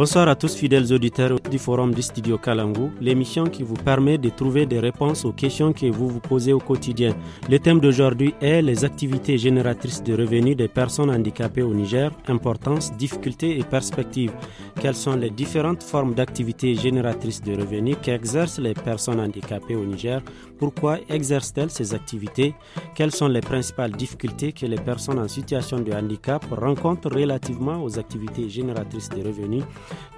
Bonsoir à tous fidèles auditeurs du forum du studio Kalangu, l'émission qui vous permet de trouver des réponses aux questions que vous vous posez au quotidien. Le thème d'aujourd'hui est les activités génératrices de revenus des personnes handicapées au Niger, importance, difficultés et perspectives. Quelles sont les différentes formes d'activités génératrices de revenus qu'exercent les personnes handicapées au Niger pourquoi exercent-elles ces activités Quelles sont les principales difficultés que les personnes en situation de handicap rencontrent relativement aux activités génératrices de revenus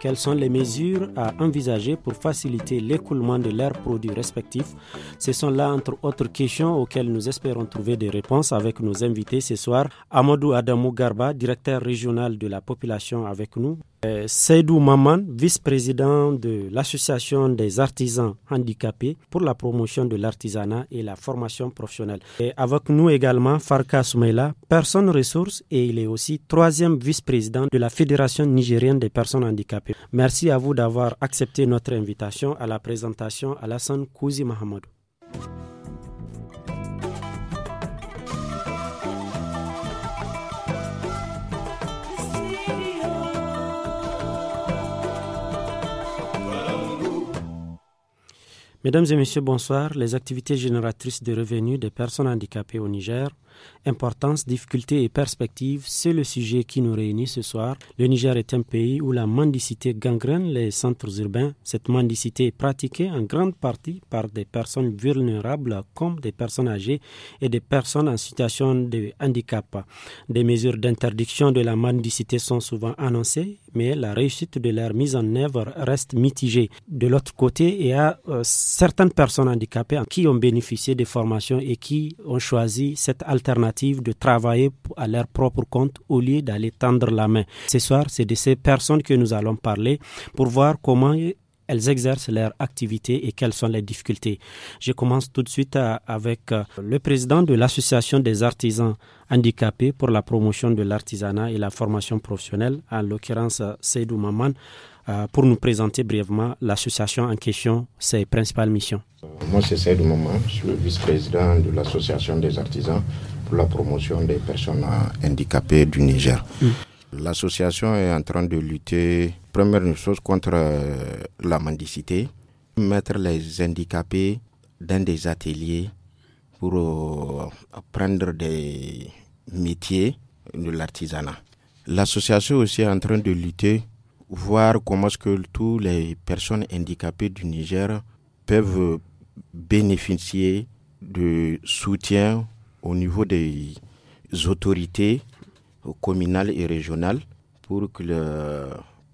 Quelles sont les mesures à envisager pour faciliter l'écoulement de leurs produits respectifs Ce sont là, entre autres questions, auxquelles nous espérons trouver des réponses avec nos invités ce soir. Amadou Adamou Garba, directeur régional de la population avec nous. Euh, Seydou Maman, vice-président de l'Association des artisans handicapés pour la promotion de l'artisanat et la formation professionnelle. Et avec nous également Farka Soumeila, personne ressource et il est aussi troisième vice-président de la Fédération nigérienne des personnes handicapées. Merci à vous d'avoir accepté notre invitation à la présentation à Alassane Kouzi Mohamedou. Mesdames et Messieurs, bonsoir. Les activités génératrices de revenus des personnes handicapées au Niger Importance, difficultés et perspectives, c'est le sujet qui nous réunit ce soir. Le Niger est un pays où la mendicité gangrène les centres urbains. Cette mendicité est pratiquée en grande partie par des personnes vulnérables comme des personnes âgées et des personnes en situation de handicap. Des mesures d'interdiction de la mendicité sont souvent annoncées, mais la réussite de leur mise en œuvre reste mitigée. De l'autre côté, il y a euh, certaines personnes handicapées qui ont bénéficié des formations et qui ont choisi cette alternative alternative de travailler à leur propre compte au lieu d'aller tendre la main. Ce soir, c'est de ces personnes que nous allons parler pour voir comment elles exercent leur activité et quelles sont les difficultés. Je commence tout de suite avec euh, le président de l'Association des artisans handicapés pour la promotion de l'artisanat et la formation professionnelle, en l'occurrence euh, Seydou Maman. Euh, pour nous présenter brièvement l'association en question, ses principales missions. Moi, c'est Saïd Maman, je suis vice-président de l'association des artisans pour la promotion des personnes handicapées du Niger. Mm. L'association est en train de lutter, première chose, contre euh, la mendicité, mettre les handicapés dans des ateliers pour euh, apprendre des métiers de l'artisanat. L'association aussi est en train de lutter voir comment ce que toutes les personnes handicapées du Niger peuvent bénéficier de soutien au niveau des autorités communales et régionales pour qu'elles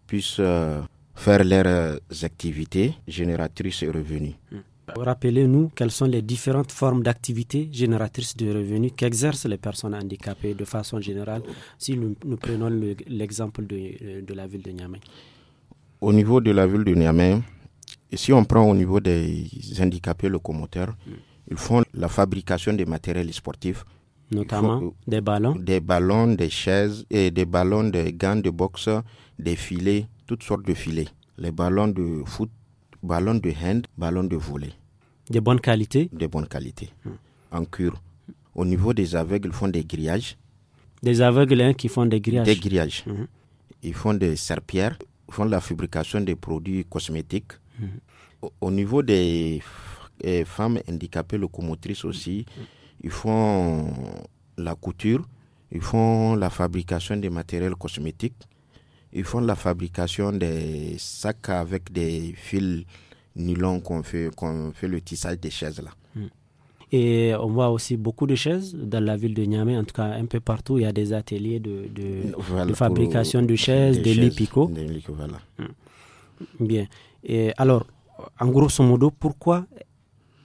puissent euh, faire leurs activités génératrices et revenus. Hmm. Rappelez-nous quelles sont les différentes formes d'activités génératrices de revenus qu'exercent les personnes handicapées de façon générale, si nous, prenons l'exemple de, la ville de Niamey. Au niveau de la ville de Niamey, si on prend au niveau des handicapés locomoteurs, mm. ils font la fabrication des matériels sportifs. Notamment euh, des ballons Des ballons, des chaises, et des ballons, des gants de boxe, des filets, toutes sortes de filets. Les ballons de foot, ballon de hand, ballon de volet. De bonne qualité De bonne qualité. En cure. Au niveau des aveugles, ils font des grillages. Des aveugles hein, qui font des grillages Des grillages. Mhm. Ils font des serpillères, ils font la fabrication des produits cosmétiques. Mhm. Au, au, niveau des eh, femmes handicapées locomotrices aussi, ils font la couture, ils font la fabrication des matériels cosmétiques ils font la fabrication des sacs avec des fils nylon qu'on fait, qu'on fait le tissage des chaises là. Hmm. Et on voit aussi beaucoup de chaises dans la ville de Niamey, en tout cas un peu partout, il y a des ateliers de, fabrication de chaises, des, de lits hmm. Bien. Et alors, en grosso modo, pourquoi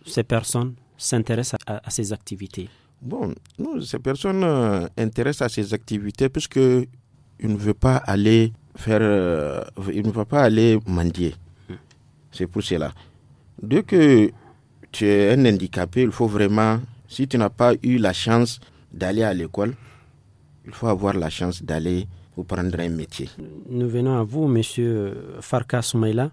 ces personnes s'intéressent à, ces activités Bon, ces personnes s'intéressent euh, intéressent à ces activités puisque ils ne veulent pas aller faire, euh, il ne va pas aller mendier. C'est pour cela. Dès que tu es un handicapé, il faut vraiment, si tu n'as pas eu la chance d'aller à l'école, il faut avoir la chance d'aller ou prendre un métier. Nous venons à vous, Monsieur Farka Soumaïla.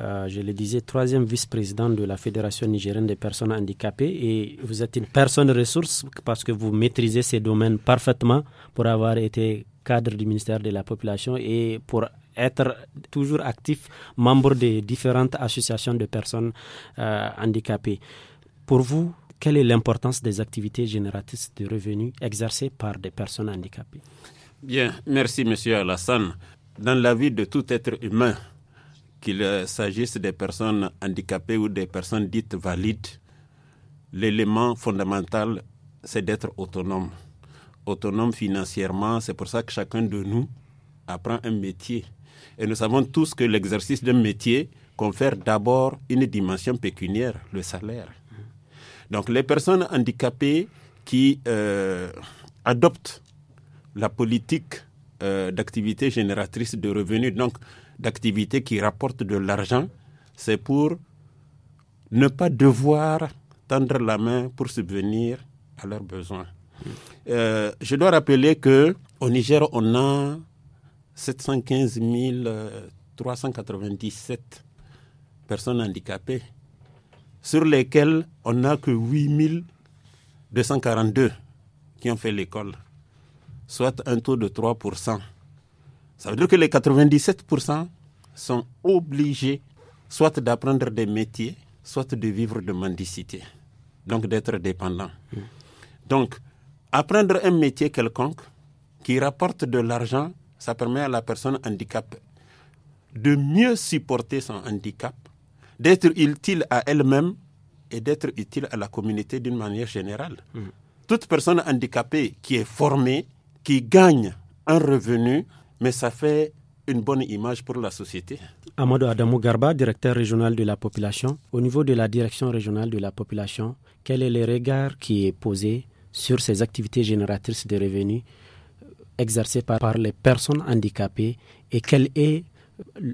Euh, je le disais, troisième vice-président de la Fédération nigérienne des personnes handicapées et vous êtes une personne ressource parce que vous maîtrisez ces domaines parfaitement pour avoir été cadre du ministère de la Population et pour être toujours actif, membre des différentes associations de personnes euh, handicapées. Pour vous, quelle est l'importance des activités génératrices de revenus exercées par des personnes handicapées Bien, merci Monsieur Alassane. Dans la vie de tout être humain, qu'il s'agisse des personnes handicapées ou des personnes dites valides, l'élément fondamental, c'est d'être autonome. Autonome financièrement, c'est pour ça que chacun de nous apprend un métier. Et nous savons tous que l'exercice d'un métier confère d'abord une dimension pécuniaire, le salaire. Donc les personnes handicapées qui euh, adoptent la politique euh, d'activité génératrice de revenus, donc d'activités qui rapportent de l'argent, c'est pour ne pas devoir tendre la main pour subvenir à leurs besoins. Euh, je dois rappeler que au Niger, on a 715 397 euh, personnes handicapées, sur lesquelles on n'a que 8 242 qui ont fait l'école, soit un taux de 3 ça veut dire que les 97% sont obligés soit d'apprendre des métiers, soit de vivre de mendicité, donc d'être dépendant. Donc, apprendre un métier quelconque qui rapporte de l'argent, ça permet à la personne handicapée de mieux supporter son handicap, d'être utile à elle-même et d'être utile à la communauté d'une manière générale. Mm. Toute personne handicapée qui est formée, qui gagne un revenu, mais ça fait une bonne image pour la société. Amadou Adamou Garba, directeur régional de la population. Au niveau de la direction régionale de la population, quel est le regard qui est posé sur ces activités génératrices de revenus euh, exercées par, les personnes handicapées et quel est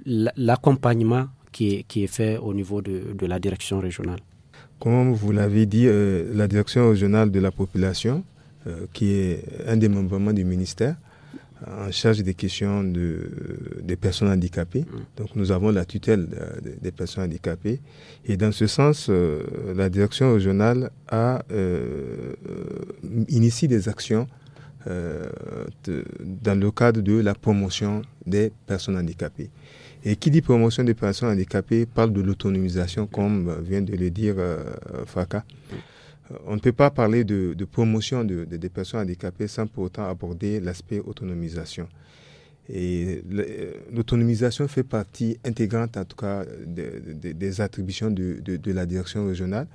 l'accompagnement qui est, fait au niveau de, la direction régionale Comme vous l'avez dit, euh, la direction régionale de la population, euh, qui est un des membres du ministère, en charge des questions de, des personnes handicapées. Mm. Donc nous avons la tutelle des personnes handicapées. Et dans ce sens, euh, la direction régionale a euh, euh, initié des actions dans le cadre de la promotion des personnes handicapées. Et qui dit promotion des personnes handicapées parle de l'autonomisation, comme vient de le dire Faka. Euh, on ne peut pas parler de, promotion des personnes handicapées sans pour autant aborder l'aspect autonomisation. Et euh, l'autonomisation fait partie intégrante, en tout cas, des attributions de, la direction régionale,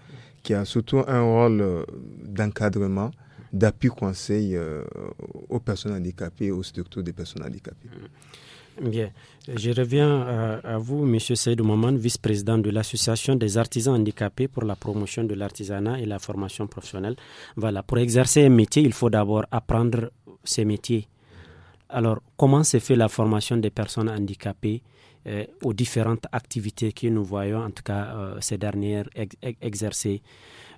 qui a surtout un rôle euh, d'encadrement, d'appui conseil aux personnes handicapées, aux structures des personnes handicapées. Mmh. Bien. Je reviens euh, à, vous, M. Seydou Maman, vice-président de l'Association des artisans handicapés pour la promotion de l'artisanat et la formation professionnelle. Voilà, pour exercer un métier, il faut d'abord apprendre ces métiers. Alors, comment se fait la formation des personnes handicapées euh, aux différentes activités que nous voyons, en tout cas euh, ces dernières exercer?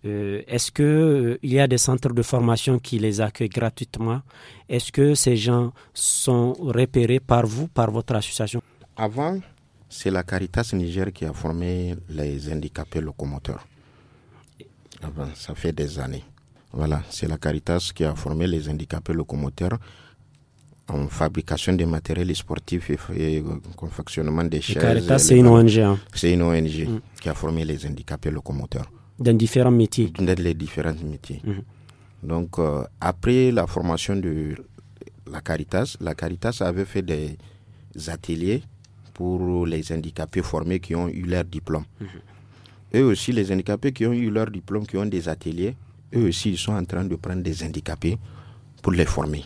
Euh, est-ce que euh, il y a des centres de formation qui les accueillent gratuitement Est-ce que ces gens sont repérés par vous, par votre association Avant, c'est la Caritas Niger qui a formé les handicapés locomoteurs. Avant, ça fait des années. Voilà, c'est la Caritas qui a formé les handicapés locomoteurs en fabrication des matériels sportifs et, euh, confectionnement des chaises. Caritas, c'est une ONG. Hein. C'est une ONG mm. qui a formé les handicapés locomoteurs. Dans différents métiers. Dans les différents métiers. Mhm. Donc, euh, après la formation de la Caritas, la Caritas avait fait des ateliers pour les handicapés formés qui ont eu leur diplôme. Et mhm. Eux aussi, les handicapés qui ont eu leur diplôme, qui ont des ateliers, eux aussi, ils sont en train de prendre des handicapés pour les former.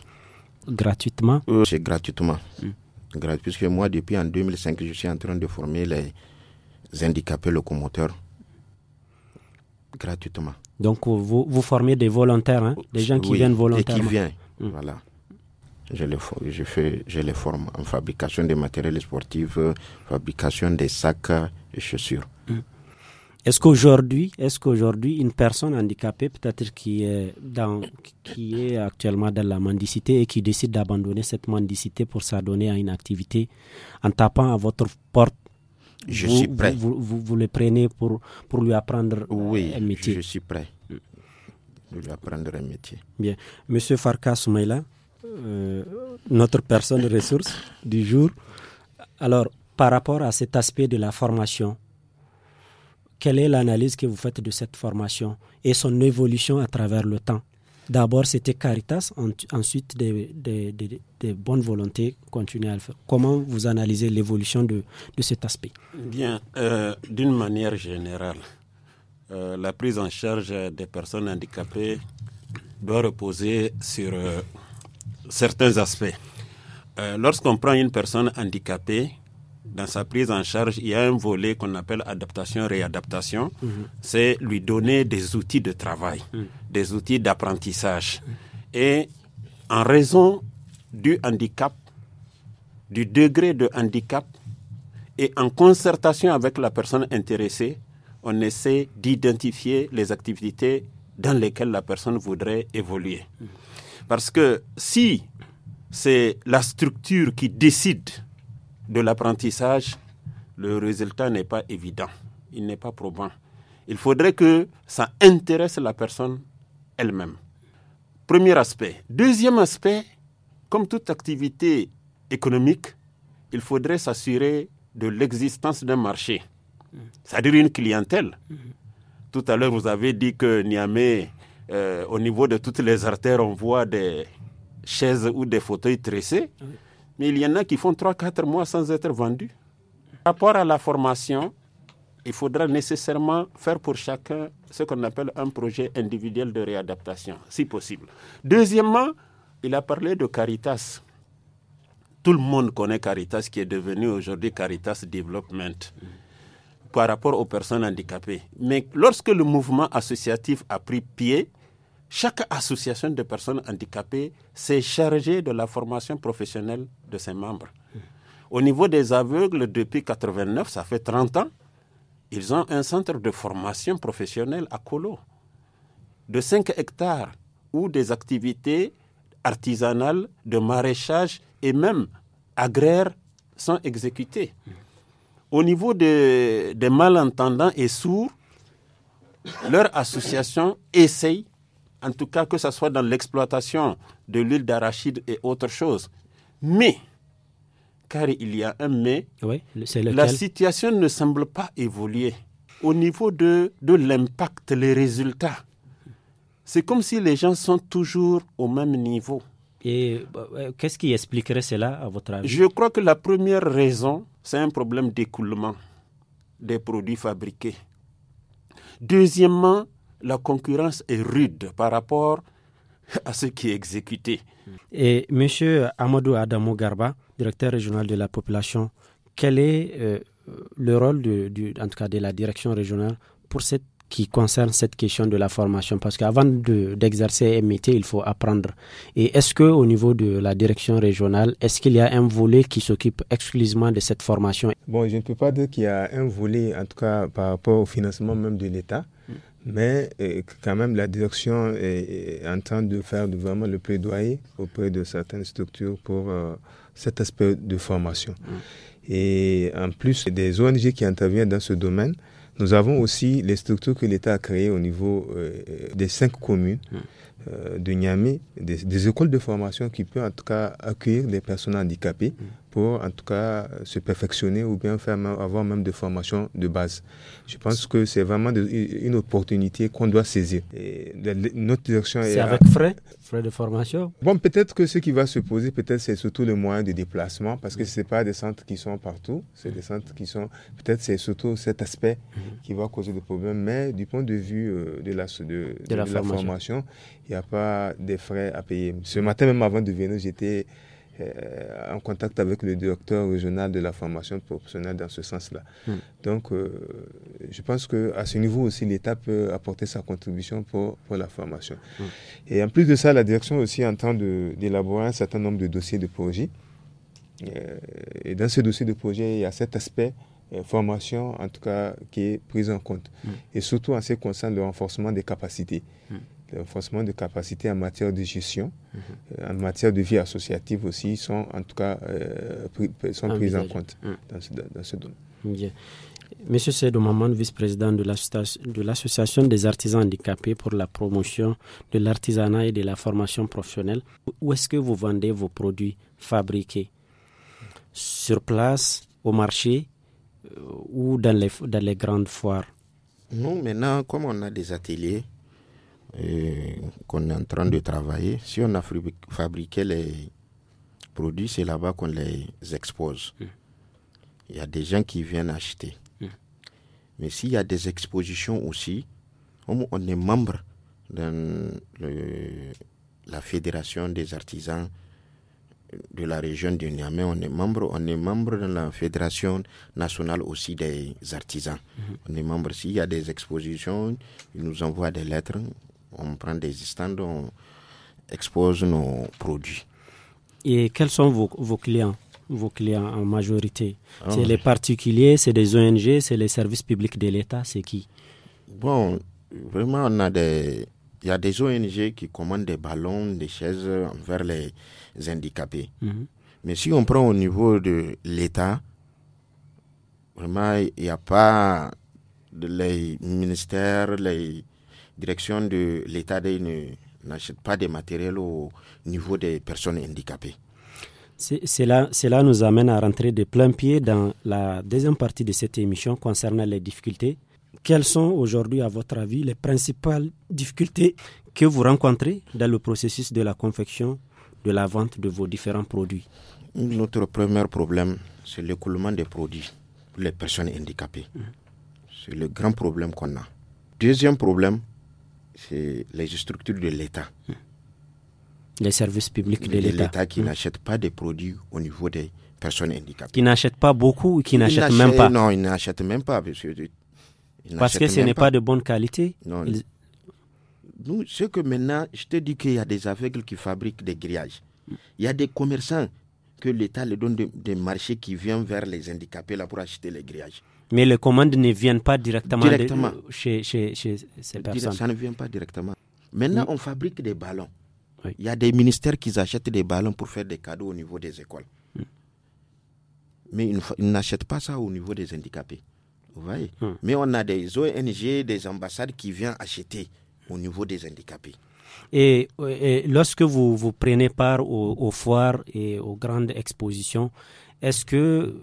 Gratuitement C'est gratuitement. Mhm. Puisque moi, depuis en 2005, je suis en train de former les handicapés locomoteurs gratuitement. Donc vous, vous formez des volontaires, hein, des gens qui viennent volontairement. Et qui viennent, hum. voilà. Je les, je, fais, je les forme en fabrication des matériels sportifs, euh, fabrication des sacs et chaussures. Hum. Est-ce qu'aujourd'hui, est-ce qu'aujourd'hui une personne handicapée, peut-être qui est dans, qui est actuellement dans la mendicité et qui décide d'abandonner cette mendicité pour s'adonner à une activité, en tapant à votre porte, je suis prêt. Vous, le prenez pour, pour lui apprendre euh, un métier. Oui, Je suis prêt de lui apprendre un métier. Bien. Monsieur Farka Soumaïla, euh, notre personne ressource du jour. Alors, par rapport à cet aspect de la formation, quelle est l'analyse que vous faites de cette formation et son évolution à travers le temps D'abord, c'était Caritas, ensuite des, bonnes volontés continuer à le faire. Comment vous analysez l'évolution de, cet aspect Bien, euh, d'une manière générale, euh, la prise en charge des personnes handicapées doit reposer sur euh, certains aspects. Lorsqu'on prend une personne handicapée, dans sa prise en charge, il y a un volet qu'on appelle adaptation-réadaptation. Mhm. C'est lui donner des outils de travail, mhm. des outils d'apprentissage. Et en raison du handicap, du degré de handicap, et en concertation avec la personne intéressée, on essaie d'identifier les activités dans lesquelles la personne voudrait évoluer. Mhm. Parce que si c'est la structure qui décide de l'apprentissage, le résultat n'est pas évident, il n'est pas probant. Il faudrait que ça intéresse la personne elle-même. Premier aspect. Deuxième aspect, comme toute activité économique, il faudrait s'assurer de l'existence d'un marché, c'est-à-dire une clientèle. Tout à l'heure, vous avez dit que Niamey, euh, au niveau de toutes les artères, on voit des chaises ou des fauteuils tressés. Mais il y en a qui font 3-4 mois sans être vendus. Par rapport à la formation, il faudra nécessairement faire pour chacun ce qu'on appelle un projet individuel de réadaptation, si possible. Deuxièmement, il a parlé de Caritas. Tout le monde connaît Caritas qui est devenu aujourd'hui Caritas Development par rapport aux personnes handicapées. Mais lorsque le mouvement associatif a pris pied, chaque association de personnes handicapées s'est chargée de la formation professionnelle de ses membres. Au niveau des aveugles, depuis 1989, ça fait 30 ans, ils ont un centre de formation professionnelle à Colo de 5 hectares où des activités artisanales de maraîchage et même agraires sont exécutées. Au niveau des malentendants et sourds, leur association essaye en tout cas que ce soit dans l'exploitation de l'huile d'arachide et autre chose. Mais, car il y a un mais, la situation ne semble pas évoluer au niveau de, de l'impact, les résultats. C'est comme si les gens sont toujours au même niveau. Et bah, qu'est-ce qui expliquerait cela, à votre avis Je crois que la première raison, c'est un problème d'écoulement des produits fabriqués. Deuxièmement, la concurrence est rude par rapport à ce qui est exécuté. Et M. Amadou Adamo Garba, directeur régional de la population, quel est euh, le rôle de, en tout cas de la direction régionale pour cette qui concerne cette question de la formation Parce qu'avant d'exercer un métier, il faut apprendre. Et est-ce qu'au niveau de la direction régionale, est-ce qu'il y a un volet qui s'occupe exclusivement de cette formation Bon, je ne peux pas dire qu'il y a un volet, en tout cas par rapport au financement même de l'État. Mais euh, quand même, la direction est, en train de faire vraiment le plaidoyer auprès de certaines structures pour euh, cet aspect de formation. Mmh. Et en plus des ONG qui interviennent dans ce domaine, nous avons aussi les structures que l'État a créées au niveau euh, des cinq communes. Mmh. Euh, de Niamey des, écoles de formation qui peuvent en tout cas accueillir des personnes handicapées mm. pour en tout cas euh, se perfectionner ou bien faire, avoir même des formations de base. Je pense que c'est vraiment une opportunité qu'on doit saisir. Et notre direction C'est avec frais, frais de formation Bon, peut-être que ce qui va se poser, peut-être c'est surtout le moyen de déplacement parce que mm. ce pas des centres qui sont partout, c'est des mm. centres qui sont... Peut-être c'est surtout cet aspect qui va causer des problèmes, mais du point de vue euh, de la, de, la formation il n'y a pas de frais à payer. Ce matin, même avant de venir, j'étais euh, en contact avec le directeur régional de la formation professionnelle dans ce sens-là. Hmm. Donc, euh, je pense qu'à ce niveau aussi, l'État peut apporter sa contribution pour, la formation. Hmm. Et en plus de ça, la direction aussi est en train d'élaborer un certain nombre de dossiers de projet. Euh, et dans ce dossier de projet, il y a cet aspect formation, en tout cas, qui est pris en compte. Hmm. Et surtout en ce qui concerne le renforcement des capacités le euh, de capacités en matière de gestion, euh, en matière de vie associative aussi, sont en tout cas euh, pris, sont prises en compte mm. dans ce, dans ce domaine. Bien. Monsieur Sédou Maman, vice-président de l'Association des artisans handicapés pour la promotion de l'artisanat et de la formation professionnelle, où est-ce que vous vendez vos produits fabriqués Sur place, au marché ou dans les, dans les grandes foires Nous, maintenant, comme on a des ateliers, qu'on est en train de travailler. Si on a fabriqué les produits, c'est là-bas qu'on les expose. Il y a des gens qui viennent acheter. Mais s'il y a des expositions aussi, on, est membre de la fédération des artisans de la région du Niamey, on est membre, on est membre de la fédération nationale aussi des artisans. Mhm. On est membre. S'il y a des expositions, ils nous envoient des lettres, on prend des stands, on expose nos produits. Et quels sont vos, clients vos clients en majorité ah C'est les particuliers, c'est des ONG, c'est les services publics de l'État, c'est qui Bon, vraiment, on a des, il y a des ONG qui commandent des ballons, des chaises envers les handicapés. Mhm. Mais si on prend au niveau de l'État, vraiment, il n'y a pas les ministères, les direction de l'État ne n'achète pas de matériels au niveau des personnes handicapées. Cela, nous amène à rentrer de plein pied dans la deuxième partie de cette émission concernant les difficultés. Quelles sont aujourd'hui, à votre avis, les principales difficultés que vous rencontrez dans le processus de la confection, de la vente de vos différents produits Notre premier problème, c'est l'écoulement des produits pour les personnes handicapées. Mmh. C'est le grand problème qu'on a. Deuxième problème, c'est les structures de l'État. Hmm. Les services publics de l'État. qui hmm. n'achètent pas des produits au niveau des personnes handicapées. Qui n'achètent pas beaucoup ou qui n'achètent même pas Non, ils n'achètent même pas. Parce que, parce que ce n'est pas. de bonne qualité Non. Nous, ce que maintenant, je te dis qu'il y a des aveugles qui fabriquent des grillages. Il y a des commerçants que l'État leur donne des, marchés qui viennent vers les handicapés là pour acheter les grillages. Mais les commandes ne viennent pas directement, De, chez, ces personnes. Ça ne vient pas directement. Maintenant, on fabrique des ballons. Il y a des ministères qui achètent des ballons pour faire des cadeaux au niveau des écoles. Hmm. Mais ils, n'achètent pas ça au niveau des handicapés. Vous voyez hmm. Mais on a des ONG, des ambassades qui viennent acheter au niveau des handicapés. Et, lorsque vous, vous prenez part aux foires et aux grandes expositions, est-ce que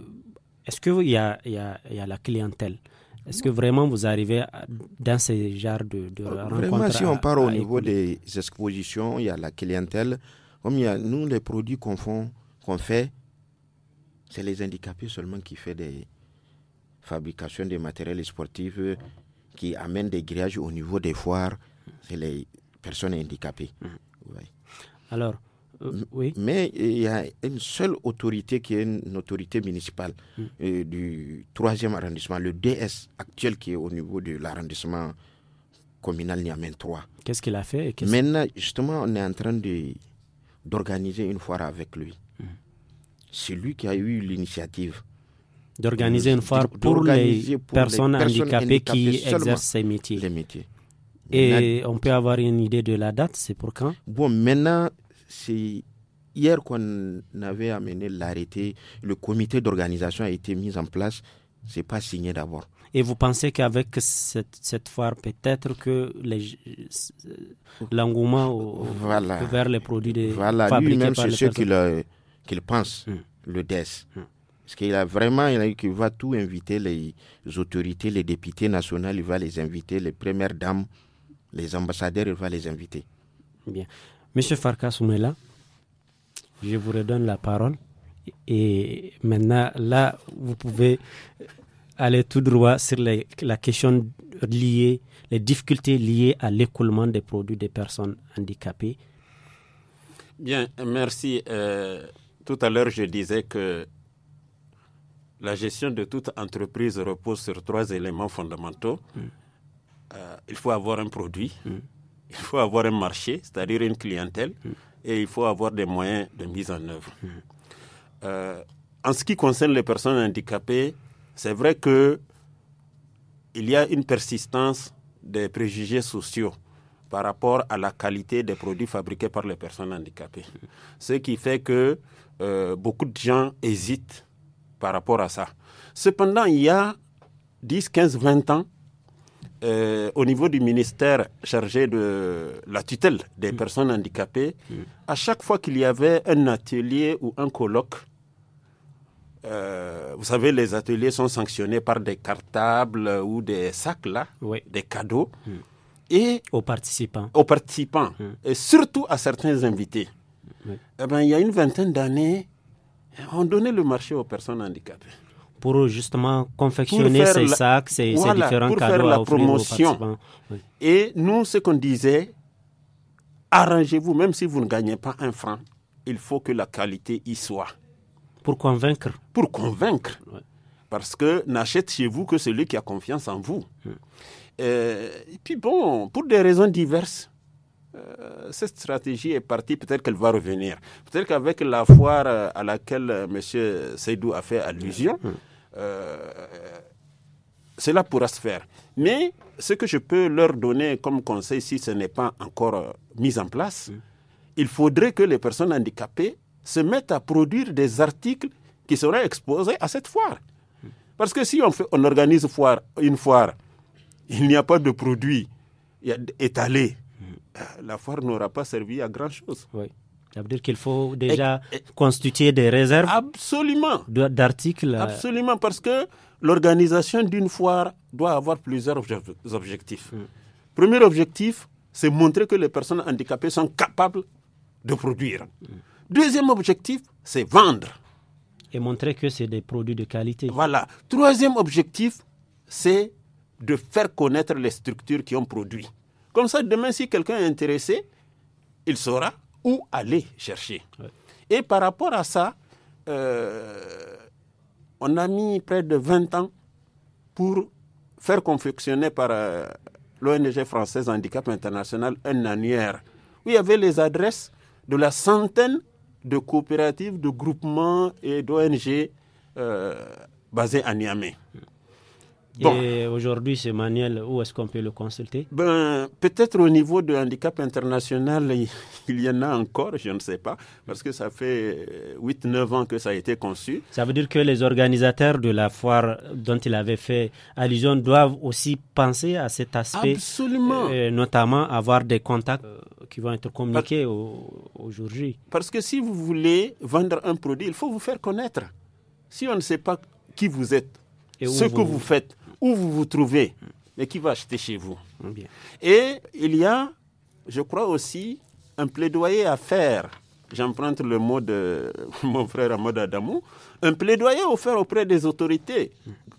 est-ce qu'il y, y, y a, la clientèle Est-ce que vraiment vous arrivez dans ce genre de, de euh, Vraiment, si on part au niveau des expositions, il y a la clientèle. Comme il y a, nous, les produits qu'on fait, c'est les handicapés seulement qui font des fabrications de matériel sportif, euh, qui amènent des grillages au niveau des foires. C'est les personnes handicapées. Mhm. Alors, euh, oui. Mais il y a une seule autorité qui est une autorité municipale du mm. euh, 3 du troisième arrondissement, le DS actuel qui est au niveau de l'arrondissement communal Niamey 3. Qu'est-ce qu'il a fait Maintenant, justement, on est en train d'organiser une foire avec lui. Mm. C'est lui qui a eu l'initiative. D'organiser euh, une foire pour, les, personnes, handicapées, qui exercent ces métiers. Les métiers. Et on peut avoir une idée de la date, c'est pour quand Bon, maintenant, c'est hier qu'on avait amené l'arrêté, le comité d'organisation a été mis en place, c'est pas signé d'abord. Et vous pensez qu'avec cette, cette foire, peut-être que l'engouement voilà. vers les produits de voilà. lui-même, c'est ce qu'il pense, hum. le DES. est hum. Parce qu'il a vraiment, il va tout inviter les autorités, les députés nationaux, il va les inviter, les premières dames, les ambassadeurs, il va les inviter. Bien. Monsieur Farkas je vous redonne la parole. Et maintenant, là, vous pouvez aller tout droit sur la question liée, les difficultés liées à l'écoulement des produits des personnes handicapées. Bien, merci. Euh, tout à l'heure, je disais que la gestion de toute entreprise repose sur trois éléments fondamentaux. Mm. Euh, il faut avoir un produit. Mm il faut avoir un marché, c'est-à-dire une clientèle, hmm. et il faut avoir des moyens de mise en œuvre. Euh, en ce qui concerne les personnes handicapées, c'est vrai que il y a une persistance des préjugés sociaux par rapport à la qualité des produits fabriqués par les personnes handicapées. Ce qui fait que euh, beaucoup de gens hésitent par rapport à ça. Cependant, il y a 10, 15, 20 ans, euh, au niveau du ministère chargé de la tutelle des mm. personnes handicapées, mm. à chaque fois qu'il y avait un atelier ou un colloque, euh, vous savez, les ateliers sont sanctionnés par des cartables ou des sacs, là, des cadeaux. Mm. Et aux participants. Aux participants. Et surtout à certains invités. Eh ben, il y a une vingtaine d'années, on donnait le marché aux personnes handicapées pour justement confectionner ces sacs, ces, différents pour cadeaux la promotion. Et nous, ce qu'on disait, arrangez-vous, même si vous ne gagnez pas un franc, il faut que la qualité y soit. Pour convaincre. Pour convaincre. Parce que n'achète chez vous que celui qui a confiance en vous. Mm. Euh, et puis bon, pour des raisons diverses, euh, cette stratégie est partie, peut-être qu'elle va revenir. Peut-être qu'avec la foire euh, à laquelle M. Seydou a fait allusion, mm. Euh, cela pourra se faire. Mais ce que je peux leur donner comme conseil, si ce n'est pas encore euh, mis en place, il faudrait que les personnes handicapées se mettent à produire des articles qui seraient exposés à cette foire. Parce que si on, fait, on organise foire, une foire, il n'y a pas de produits étalé, euh, la foire n'aura pas servi à grand-chose. Oui. Ça veut dire qu'il faut déjà constituer des réserves. Absolument. D'articles. Euh, Absolument, parce que l'organisation d'une foire doit avoir plusieurs objectifs. Hmm. Premier objectif, c'est montrer que les personnes handicapées sont capables de produire. Hmm. Deuxième objectif, c'est vendre. Et montrer que c'est des produits de qualité. Voilà. Troisième objectif, c'est de faire connaître les structures qui ont produit. Comme ça, demain, si quelqu'un est intéressé, il saura où aller chercher. Et par rapport à ça, euh, on a mis près de 20 ans pour faire confectionner par euh, l'ONG française Handicap International un annuaire où il y avait les adresses de la centaine de coopératives, de groupements et d'ONG euh, basées à Niamey. Et aujourd'hui, ce manuel, où est-ce qu'on peut le consulter ben, Peut-être au niveau de handicap international, il y en a encore, je ne sais pas, parce que ça fait 8-9 euh, ans que ça a été conçu. Ça veut dire que les organisateurs de la foire dont il avait fait allusion doivent aussi penser à cet aspect. Absolument. Euh, notamment avoir des contacts euh, qui vont être communiqués aujourd'hui. Parce que si vous voulez vendre un produit, il faut vous faire connaître. Si on ne sait pas qui vous êtes, ce que vous faites, où vous vous trouvez, Et qui va acheter chez vous. Et il y a, je crois aussi, un plaidoyer à faire. J'emprunte le mot de mon frère Ahmad Adamou, un plaidoyer offert auprès des autorités,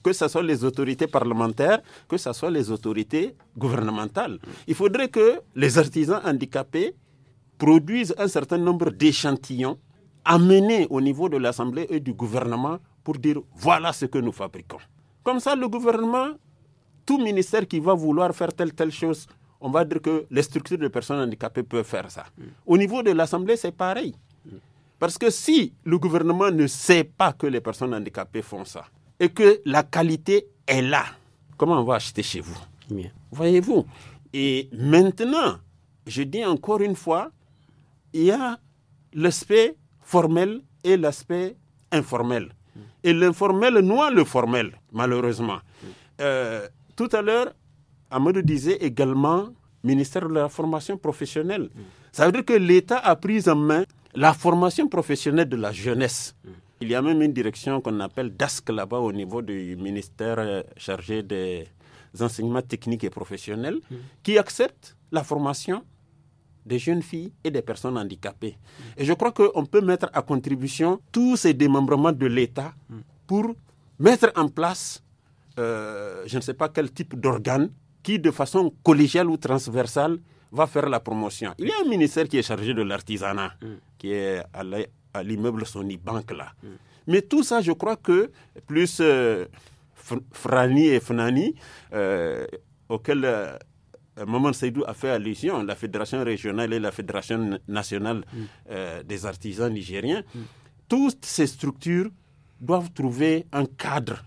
que ce soit les autorités parlementaires, que ce soit les autorités gouvernementales. Il faudrait que les artisans handicapés produisent un certain nombre d'échantillons amenés au niveau de l'Assemblée et du gouvernement pour dire voilà ce que nous fabriquons. Comme ça, le gouvernement, tout ministère qui va vouloir faire telle telle chose, on va dire que les structures de personnes handicapées peuvent faire ça. Mm. Au niveau de l'Assemblée, c'est pareil. Mm. Parce que si le gouvernement ne sait pas que les personnes handicapées font ça et que la qualité est là, comment on va acheter chez vous Voyez-vous Et maintenant, je dis encore une fois, il y a l'aspect formel et l'aspect informel et l'informel noie le formel, malheureusement. Euh, tout à l'heure, Amadou disait également ministère de la formation professionnelle. Ça veut dire que l'État a pris en main la formation professionnelle de la jeunesse. Il y a même une direction qu'on appelle DASC là-bas au niveau du ministère euh, chargé des enseignements techniques et professionnels qui accepte la formation des jeunes filles et des personnes handicapées. Et je crois qu'on peut mettre à contribution tous ces démembrements de l'État pour mettre en place, je ne sais pas quel type d'organe, qui de façon collégiale ou transversale va faire la promotion. Il y a un ministère qui est chargé de l'artisanat, qui est à l'immeuble Sony Bank là. Mais tout ça, je crois que plus Frani et Fnani, euh, auquel euh, Maman Seydou a fait allusion, la Fédération régionale et la Fédération nationale mm. euh, des artisans nigériens, mm. toutes ces structures doivent trouver un cadre.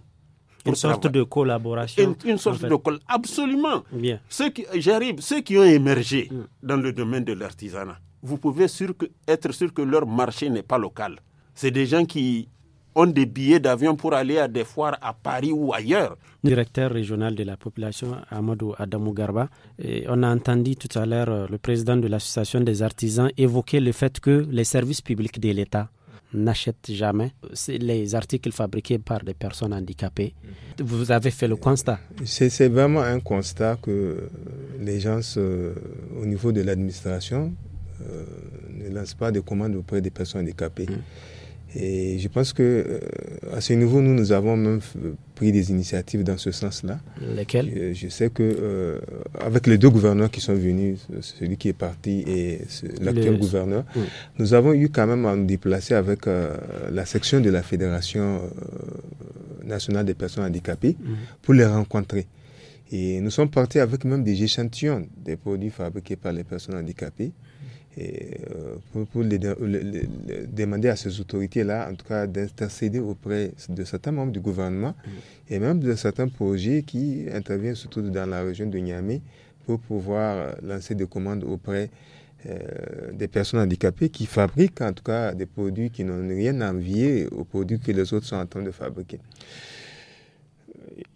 Une sorte de collaboration. Une, sorte de collaboration. Absolument. Bien. Ceux qui, j'arrive, ceux qui ont émergé mm. dans le domaine de l'artisanat, vous pouvez sûr que, être sûr que leur marché n'est pas local. C'est des gens qui ont des billets d'avion pour aller à des foires à Paris ou ailleurs. Directeur régional de la population, Amadou Adamou Garba, et on a entendu tout à l'heure euh, le président de l'association des artisans évoquer le fait que les services publics de l'État n'achètent jamais euh, les articles fabriqués par des personnes handicapées. Vous avez fait le constat. C'est vraiment un constat que euh, les gens, au niveau de l'administration, ne lancent pas de commandes auprès des personnes handicapées. Hum. Et je pense que euh, à ce niveau, nous, nous avons même euh, pris des initiatives dans ce sens-là. Lesquelles je, sais que euh, avec les deux gouverneurs qui sont venus, celui qui est parti et l'actuel gouverneur, nous avons eu quand même à nous déplacer avec la section de la Fédération nationale des personnes handicapées mhm. pour les rencontrer. Et nous sommes partis avec même des échantillons des produits fabriqués par les personnes handicapées. Euh, pour, demander à ces autorités-là, en tout cas, d'intercéder auprès de certains membres du gouvernement mm. et même de certains projets qui interviennent surtout dans la région de Niamey pour pouvoir lancer des commandes auprès euh, des personnes handicapées qui fabriquent en tout cas des produits qui n'ont rien à envier aux produits que les autres sont en train de fabriquer.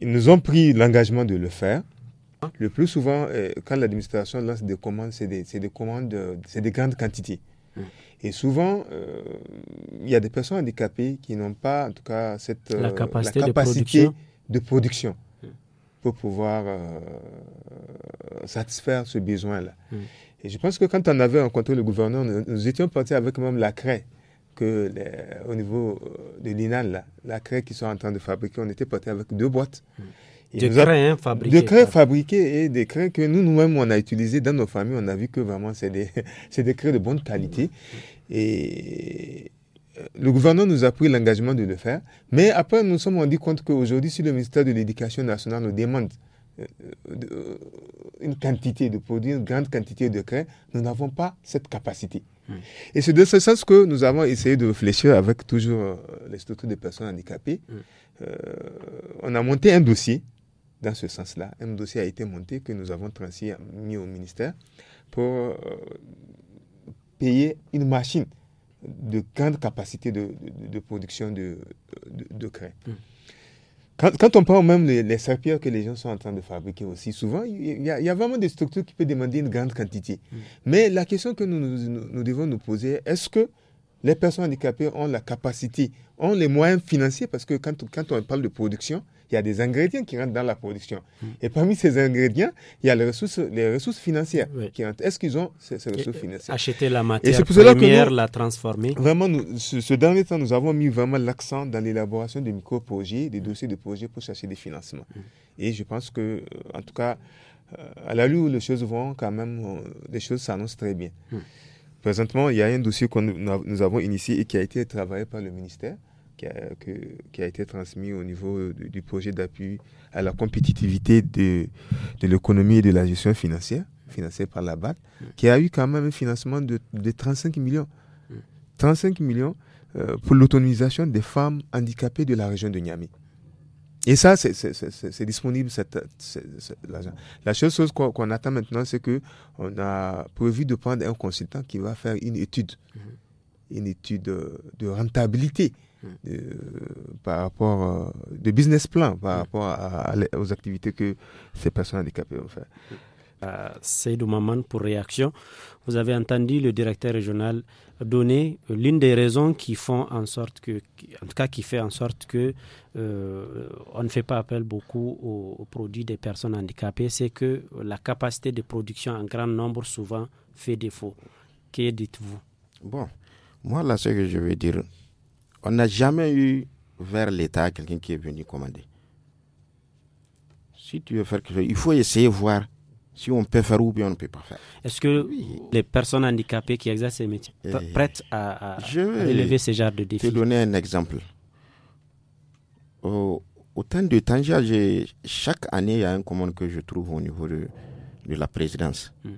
Ils nous ont pris l'engagement de le faire. Le plus souvent, euh, quand l'administration lance des commandes, c'est des, commandes, euh, c'est des grandes quantités. Hmm. Et souvent, euh, il y a des personnes handicapées qui n'ont pas, en tout cas, cette la capacité, de production, hmm. pour pouvoir satisfaire ce besoin-là. Hmm. Et je pense que quand on avait rencontré le gouverneur, nous, étions partis avec même la craie que au niveau de l'Inal, la craie qu'ils sont en train de fabriquer, on était partis avec deux boîtes de crins fabriqués. Des crins fabriqués et des crins que nous, nous-mêmes, on a utilisés dans nos familles. On a vu que vraiment, c'est des, des crins de bonne qualité. Et euh, le gouvernement nous a pris l'engagement de le faire. Mais après, nous nous sommes rendus compte qu'aujourd'hui, si le ministère de l'Éducation nationale nous demande euh, euh, une quantité de produits, une grande quantité de crins, nous n'avons pas cette capacité. Hmm. Et c'est de ce sens que nous avons essayé de réfléchir avec toujours les structures des personnes handicapées. Hmm. on a monté un dossier dans ce sens-là. Un dossier a été monté que nous avons transmis au ministère pour euh, payer une machine de grande capacité de, production de, de craie. Hum. Quand, on parle même des serpillers que les gens sont en train de fabriquer aussi, souvent, il y, a vraiment des structures qui peuvent demander une grande quantité. Hum. Mais la question que nous, devons nous poser, est-ce que les personnes handicapées ont la capacité, ont les moyens financiers, parce que quand on parle de production, il y a des ingrédients qui rentrent dans la production. Mm. Et parmi ces ingrédients, il y a les ressources, les ressources financières qui rentrent. Est-ce qu'ils ont ces, ressources financières Acheter la matière première, la transformer Vraiment, ce, dernier temps, nous avons mis vraiment l'accent dans l'élaboration de micro-projets, des mm. dossiers de projets pour chercher des financements. Mm. Et je pense que, euh, en tout cas, euh, à la où les choses vont, quand même, les choses s'annoncent très bien. Présentement, il y a un dossier que nous avons initié et qui a été travaillé par le ministère qui a, été transmis au niveau du, projet d'appui à la compétitivité de, l'économie et de la gestion financière, financée par la BAC, mm. qui a eu quand même un financement de, 35 millions. 35 mm. millions euh, pour l'autonomisation des femmes handicapées de la région de Niamey. Et ça, c'est disponible, l'argent. La seule chose qu'on attend maintenant, c'est qu'on a prévu de prendre un consultant qui va faire une étude, mm-hmm. une étude euh, de rentabilité de, mm. euh, par rapport, euh, de business plan par mm. rapport aux activités que ces personnes handicapées vont faire. Mm. Euh, Seydou Maman pour réaction. Vous avez entendu le directeur régional donner l'une des raisons qui font en sorte que, en tout cas qui fait en sorte que on ne fait pas appel beaucoup aux, aux produits des personnes handicapées, c'est que la capacité de production en grand nombre souvent fait défaut. Que dites-vous Bon, moi là ce que je veux dire, on n'a jamais eu vers l'État quelqu'un qui est venu commander. Si tu veux faire quelque il faut essayer de voir si on peut faire ou bien on ne peut pas faire. Est-ce que les personnes handicapées qui exercent ces métiers sont eh. prêtes à, élever ce genre de défis Je vais te donner un exemple. Au, temps de Tangier, chaque année, il y a un commande que je trouve au niveau de, la présidence hmm.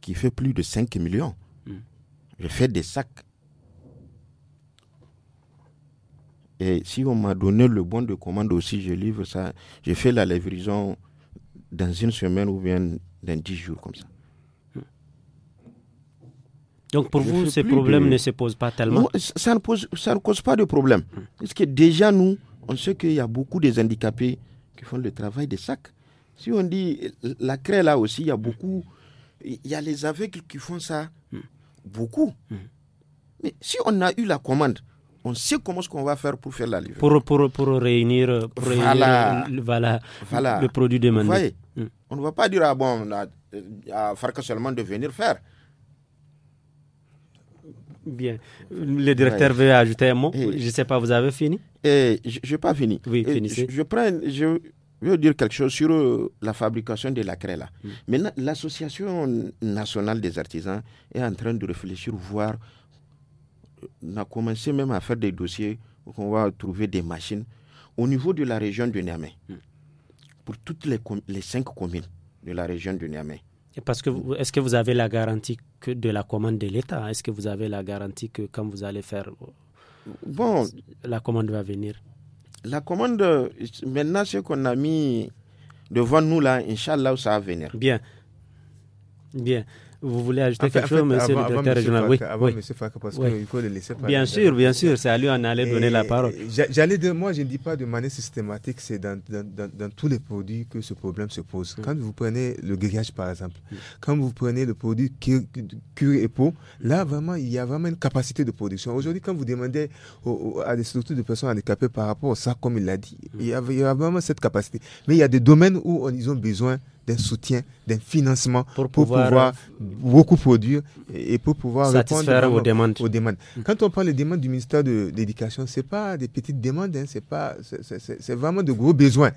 qui fait plus de 5 millions. Hmm. Je fais des sacs Et si on m'a donné le bon de commande aussi, je livre ça. Je fais la livraison dans une semaine ou bien dans dix jours comme ça. Donc pour vous, ces problèmes ne se posent pas tellement ça, ne pose, cause pas de problème. Parce que déjà, nous, on sait qu'il y a beaucoup des handicapés qui font le travail des sacs. Si on dit la craie, là aussi, il y a beaucoup. Il y a les aveugles qui font ça. Mm. Beaucoup. Mm. Mais si on a eu la commande, on sait comment ce qu'on va faire pour faire la livraison. Pour, pour, pour réunir, voilà. le produit demandé. Mm. on ne va pas dire, ah euh, à, Farka seulement de venir faire. Bien. Le directeur veut ajouter un mot. je ne sais pas, vous avez fini et, eh, Je n'ai pas fini. Eh, je, je, prends, je veux dire quelque chose sur euh, la fabrication de la créla. Mm. Maintenant, l'Association nationale des artisans est en train de réfléchir, voir on a commencé même à faire des dossiers où on va trouver des machines au niveau de la région de Niamey, hmm. pour toutes les, les cinq communes de la région de Niamey. Et parce que est-ce que vous avez la garantie que de la commande de l'État Est-ce que vous avez la garantie que quand vous allez faire, euh, bon, la commande va venir La commande, maintenant ce qu'on a mis devant nous là, Inch'Allah, ça va venir. Bien, bien. Vous voulez ajouter quelque chose, M. le directeur régional Oui. Avant, oui. parce que qu'il faut le laisser parler. Bien sûr, bien sûr, c'est à lui en aller donner la parole. J'allais de moi, je ne dis pas de manière systématique, c'est dans, dans, dans, tous les produits que ce problème se pose. Mm. Quand vous prenez le grillage, par exemple, mm. quand vous prenez le produit cure, et peau, là, vraiment, il y a vraiment une capacité de production. Aujourd'hui, quand vous demandez à des structures de personnes handicapées par rapport à ça, comme il l'a dit, mm. il, y a, vraiment cette capacité. Mais il y a des domaines où ils ont besoin d'un soutien, d'un financement pour, pouvoir, euh, beaucoup produire et, pour pouvoir répondre aux, demandes. Mm. Quand on parle des demandes du ministère de l'Éducation, ce pas des petites demandes, hein, c'est vraiment de gros besoins.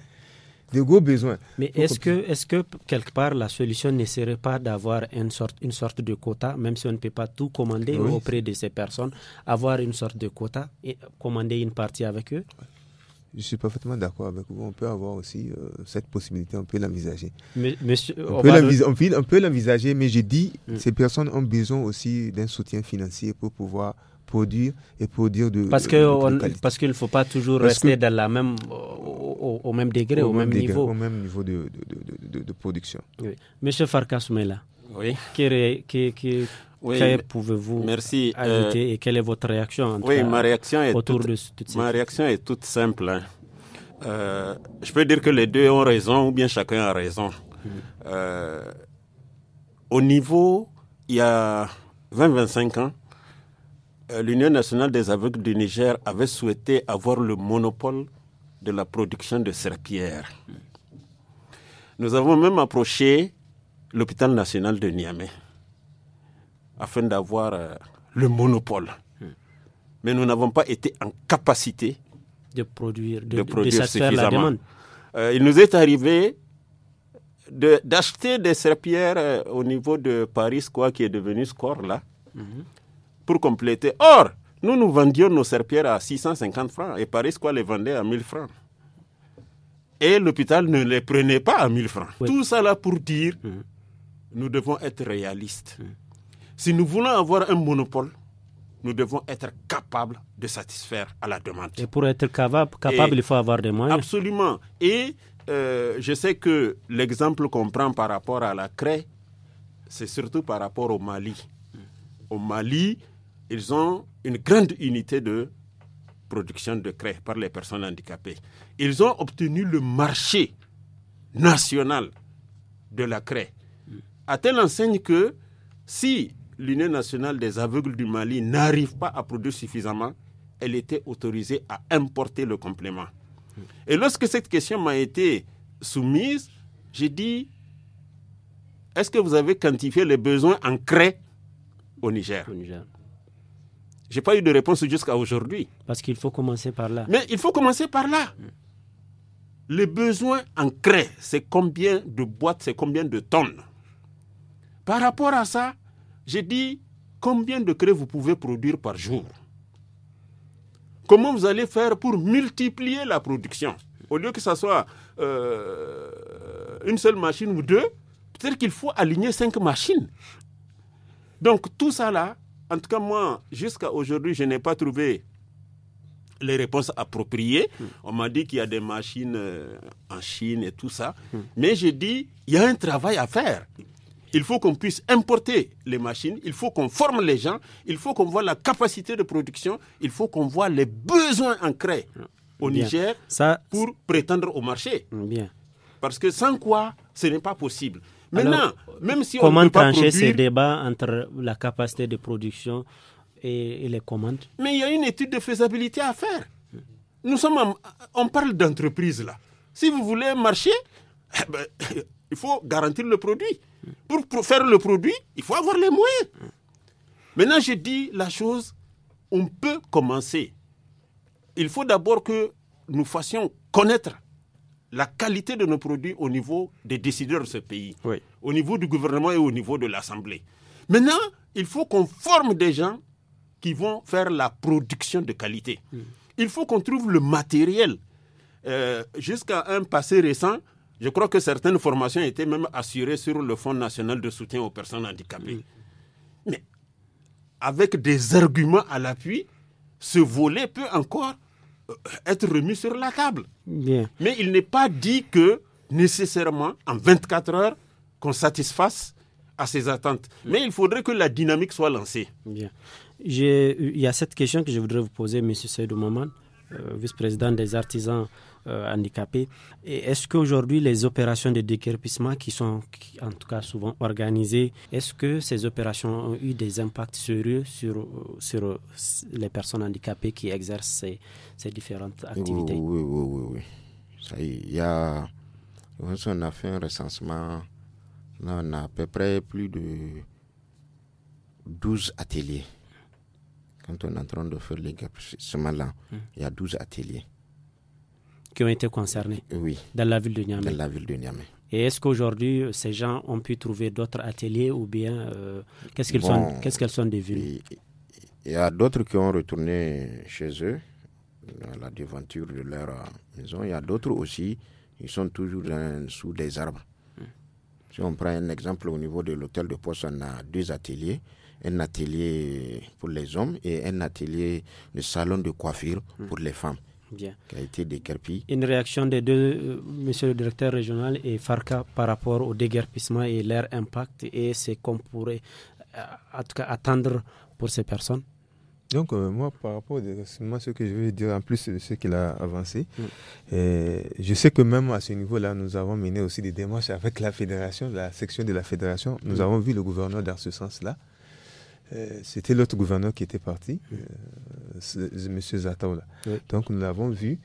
De gros besoins. Mais est-ce que, est que, quelque part, la solution ne serait pas d'avoir une sorte, une sorte de quota, même si on ne peut pas tout commander auprès de ces personnes, avoir une sorte de quota et commander une partie avec eux je suis parfaitement d'accord avec vous. On peut avoir aussi euh, cette possibilité, on peut l'envisager. on, peut l'envisager, mais je dis, mm. ces personnes ont besoin aussi d'un soutien financier pour pouvoir produire et produire de parce que parce qu'il faut pas toujours rester dans la même au, même degré au, même, niveau au même niveau de, production. Monsieur Farkas Mela. Oui. Qui, est... qui, oui, pouvez-vous merci. Euh, ajouter et quelle est votre réaction Oui, ma réaction, est autour toute, de ma réaction est toute simple. Hein. Euh, je peux dire que les deux ont raison ou bien chacun a raison. Hmm. Euh, au niveau, il y a 20-25 ans, l'Union nationale des aveugles du Niger avait souhaité avoir le monopole de la production de serpillères. Hmm. Nous avons même approché l'hôpital national de Niamey afin d'avoir euh, le monopole. Hmm. Mais nous n'avons pas été en capacité de produire, de, suffisamment. Euh, il nous est arrivé d'acheter des serpillères euh, au niveau de Paris, quoi, qui est devenu Score, là, mhm. pour compléter. Or, nous, nous vendions nos serpillères à 650 francs et Paris, quoi, les vendait à 1000 francs et l'hôpital ne les prenait pas à 1000 francs. Tout ça là pour dire, mhm. nous devons être réalistes. Mhm. Si nous voulons avoir un monopole, nous devons être capables de satisfaire à la demande. Et pour être capable, il faut avoir des moyens. Absolument. Et euh, je sais que l'exemple qu'on prend par rapport à la craie, c'est surtout par rapport au Mali. Au Mali, ils ont une grande unité de production de craie par les personnes handicapées. Ils ont obtenu le marché national de la craie. À telle enseigne que si l'Union nationale des aveugles du Mali n'arrive pas à produire suffisamment, elle était autorisée à importer le complément. Et lorsque cette question m'a été soumise, j'ai dit, est-ce que vous avez quantifié les besoins en craie au Niger, au Niger. J'ai pas eu de réponse jusqu'à aujourd'hui. Parce qu'il faut commencer par là. Mais il faut commencer par là. Mm. Les besoins en craie, c'est combien de boîtes, c'est combien de tonnes Par rapport à ça, j'ai dit combien de craies vous pouvez produire par jour. Comment vous allez faire pour multiplier la production Au lieu que ce soit euh, une seule machine ou deux, peut-être qu'il faut aligner cinq machines. Donc tout ça là, en tout cas moi, jusqu'à aujourd'hui, je n'ai pas trouvé les réponses appropriées. Hmm. On m'a dit qu'il y a des machines euh, en Chine et tout ça. Hmm. Mais j'ai dit, il y a un travail à faire. Il faut qu'on puisse importer les machines, il faut qu'on forme les gens, il faut qu'on voit la capacité de production, il faut qu'on voit les besoins ancrés au Niger pour prétendre au marché. Bien. Parce que sans quoi, ce n'est pas possible. Maintenant, même si comment on peut trancher pas produire, ces débats entre la capacité de production et, les commandes Mais il y a une étude de faisabilité à faire. Nous sommes, on parle d'entreprise là. Si vous voulez marcher, eh ben, il faut garantir le produit. Pour faire le produit, il faut avoir les moyens. Maintenant, je dis la chose, on peut commencer. Il faut d'abord que nous fassions connaître la qualité de nos produits au niveau des décideurs de ce pays, au niveau du gouvernement et au niveau de l'Assemblée. Maintenant, il faut qu'on forme des gens qui vont faire la production de qualité. Hmm. Il faut qu'on trouve le matériel. Euh, jusqu'à un passé récent, je crois que certaines formations étaient même assurées sur le Fonds national de soutien aux personnes handicapées. Mm. Mais avec des arguments à l'appui, ce volet peut encore euh, être remis sur la table. Bien. Mais il n'est pas dit que nécessairement, en 24 heures, qu'on satisfasse à ces attentes. Mm. Mais il faudrait que la dynamique soit lancée. Bien. Il y a cette question que je voudrais vous poser, M. Seydou Maman. Euh, vice-président des artisans euh, handicapés. est-ce qu'aujourd'hui les opérations de décurpissement qui sont en tout cas souvent organisées, est-ce que ces opérations ont eu des impacts sérieux sur, sur euh, les personnes handicapées qui exercent ces, différentes oh, activités Oui, oui, oui. oui, Ça On a fait un recensement, on a à peu près plus de 12 ateliers quand on est en train de faire les là hmm. il y a 12 ateliers. Qui ont été concernés Oui. Dans la ville de Niamey Dans la ville de Niamey. Et est-ce qu'aujourd'hui, ces gens ont pu trouver d'autres ateliers ou bien euh, qu'est-ce qu'ils sont, sont, des villes sont devenues Il y a d'autres qui ont retourné chez eux, dans la devanture de leur euh, maison. Il y a d'autres aussi, ils sont toujours sous des arbres. Hmm. Si on prend un exemple au niveau de l'hôtel de poste, on a deux ateliers un atelier pour les hommes et un atelier de salon de coiffure hmm. pour les femmes. Qui a été déguerpi. Une réaction des deux, M. Euh, monsieur le directeur régional et FARCA par rapport au déguerpissement et leur impact et ce qu'on pourrait euh, attendre pour ces personnes donc, euh, moi, par rapport à ce que je veux dire en plus de ce qu'il a avancé, hmm. je sais que même à ce niveau-là, nous avons mené aussi des démarches avec la fédération, la section de la fédération. Nous hmm. avons vu le gouverneur dans ce sens-là. Euh, c'était l'autre gouverneur qui était parti, euh, M. Donc nous l'avons vu.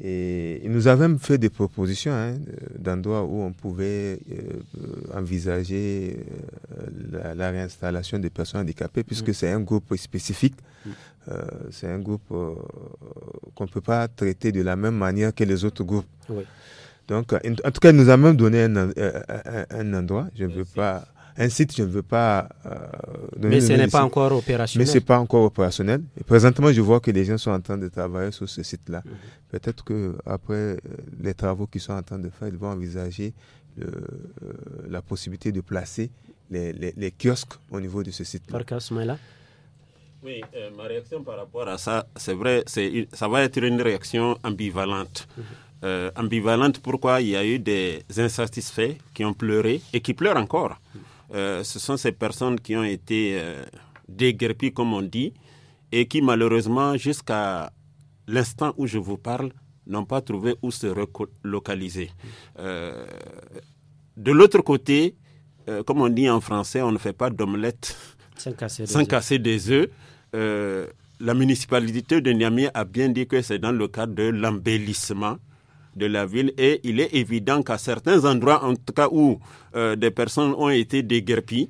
Et il nous avait même fait des propositions hein, d'endroits où on pouvait euh, envisager la, réinstallation des personnes handicapées, puisque c'est un groupe spécifique, c'est un groupe qu'on ne peut pas traiter de la même manière que les autres groupes. Donc, en, tout cas, il nous a même donné un, un endroit, je ne veux pas un site, je ne veux pas. Euh, mais ce n'est pas encore opérationnel. Mais ce n'est pas encore opérationnel. Et présentement, je vois que les gens sont en train de travailler sur ce site-là. Mhm. Peut-être qu'après euh, les travaux qu'ils sont en train de faire, ils vont envisager euh, la possibilité de placer les, kiosques au niveau de ce site-là. Oui, ma réaction par rapport à ça, c'est vrai, ça va être une réaction ambivalente. Mhm. ambivalente pourquoi il y a eu des insatisfaits qui ont pleuré et qui pleurent encore. Mhm. Euh, ce sont ces personnes qui ont été euh, déguerpies, comme on dit, et qui malheureusement, jusqu'à l'instant où je vous parle, n'ont pas trouvé où se localiser. Euh, de l'autre côté, comme on dit en français, on ne fait pas d'omelette sans casser des œufs. la municipalité de Niamey a bien dit que c'est dans le cadre de l'embellissement de la ville et il est évident qu'à certains endroits, en tout cas où euh, des personnes ont été déguerpies,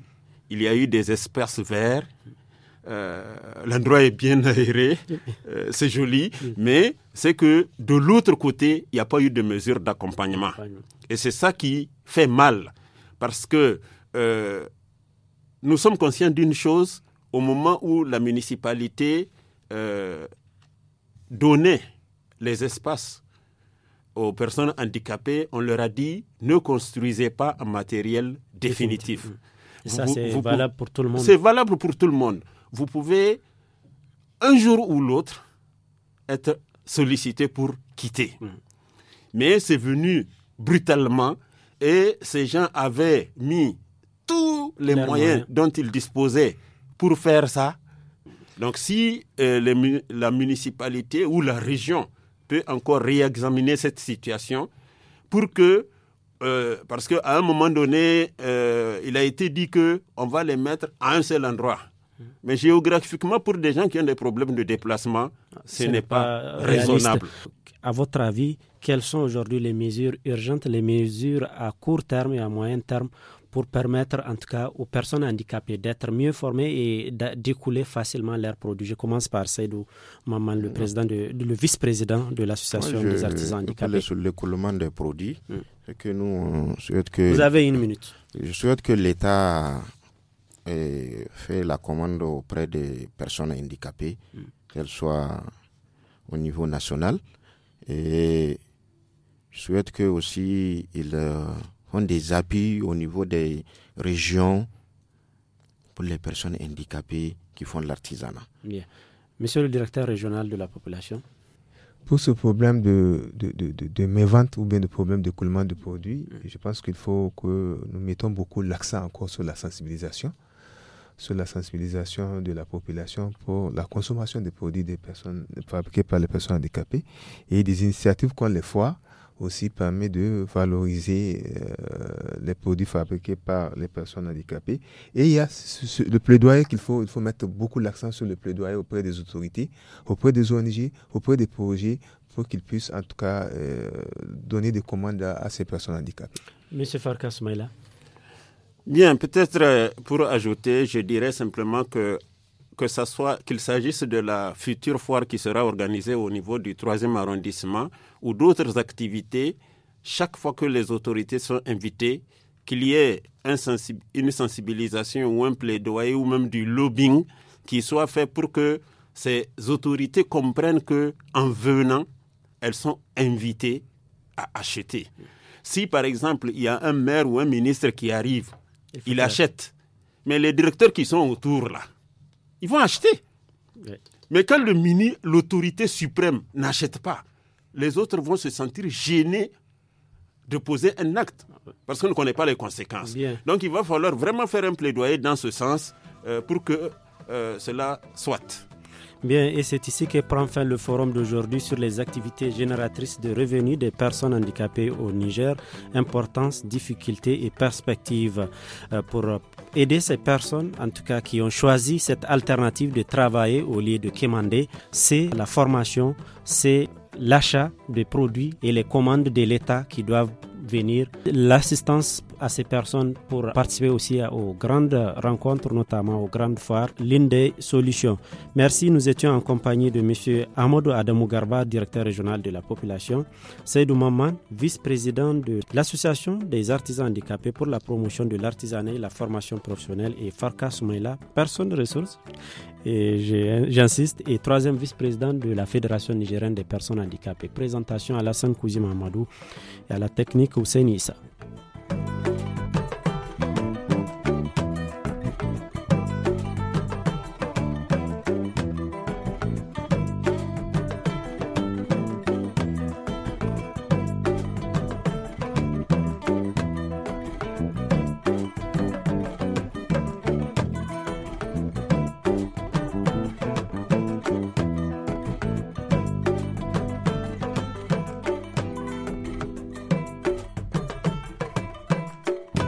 il y a eu des espaces verts. Euh, l'endroit est bien aéré, euh, c'est joli, mais c'est que de l'autre côté, il n'y a pas eu de mesures d'accompagnement. Et c'est ça qui fait mal, parce que nous sommes conscients d'une chose, au moment où la municipalité donnait les espaces aux personnes handicapées, on leur a dit ne construisez pas un matériel définitif. ça, c'est valable pour tout le monde. C'est valable pour tout le monde. Vous pouvez, un jour ou l'autre, être sollicité pour quitter. Mm. Mais c'est venu brutalement et ces gens avaient mis tous les moyens dont ils disposaient pour faire ça. Donc si euh, la municipalité ou la région peut encore réexaminer cette situation pour que, euh, parce qu'à un moment donné, euh, il a été dit que on va les mettre à un seul endroit. Mais géographiquement, pour des gens qui ont des problèmes de déplacement, ce, n'est pas, pas raisonnable. À votre avis, quelles sont aujourd'hui les mesures urgentes, les mesures à court terme et à moyen terme pour permettre en tout cas aux personnes handicapées d'être mieux formées et d'écouler facilement leurs produits. Je commence par Saïdou Maman, le, mm. président le vice-président de l'association des artisans handicapés. Sur l'écoulement des produits, mm. que nous souhaitons que... Vous avez une minute. Je souhaite que l'État euh, fait la commande auprès des personnes handicapées, mm. qu'elles soient au niveau national. Et je souhaite que aussi il euh, ont des appuis au niveau des régions pour les personnes handicapées qui font de l'artisanat. Monsieur le directeur régional de la population. Pour ce problème de, de, de, de, mévente ou bien de problème d'écoulement de produits, mm. je pense qu'il faut que nous mettons beaucoup l'accent encore sur la sensibilisation, sur la sensibilisation de la population pour la consommation des produits des personnes fabriqués par les personnes handicapées et des initiatives qu'on les foire aussi permet de valoriser euh, les produits fabriqués par les personnes handicapées. Et il y a le plaidoyer qu'il faut, il faut mettre beaucoup l'accent sur le plaidoyer auprès des autorités, auprès des ONG, auprès des projets, pour qu'ils puissent en tout cas euh, donner des commandes à, ces personnes handicapées. Monsieur Farkas Maïla. Bien, peut-être euh, pour ajouter, je dirais simplement que que ça soit qu'il s'agisse de la future foire qui sera organisée au niveau du troisième arrondissement ou d'autres activités, chaque fois que les autorités sont invitées, qu'il y ait une sensibilisation ou un plaidoyer ou même du lobbying qui soit fait pour que ces autorités comprennent que en venant, elles sont invitées à acheter. Si par exemple il y a un maire ou un ministre qui arrive, il achète, mais les directeurs qui sont autour là, ils vont acheter. Mais quand le mini, l'autorité suprême, n'achète pas, les autres vont se sentir gênés de poser un acte parce qu'on ne connaît pas les conséquences. Donc il va falloir vraiment faire un plaidoyer dans ce sens euh, pour que euh, cela soit. Bien, et c'est ici que prend fin le forum d'aujourd'hui sur les activités génératrices de revenus des personnes handicapées au Niger, importance, difficultés et perspectives. Euh, pour aider ces personnes, en tout cas qui ont choisi cette alternative de travailler au lieu de quémander, c'est la formation, c'est l'achat des produits et les commandes de l'État qui doivent venir. L'assistance à ces personnes pour participer aussi aux grandes rencontres, notamment aux grandes foires, l'une des solutions. Merci, nous étions en compagnie de M. Amadou Adamou Garba, directeur régional de la population, Seydou Maman, vice-président de l'Association des artisans handicapés pour la promotion de l'artisanat et la formation professionnelle, et Farka Soumaïla, personne de ressources, et j'insiste, et troisième vice-président de la Fédération nigérienne des personnes handicapées. Présentation à la Sankouzi Amadou et à la technique Nico Senissa.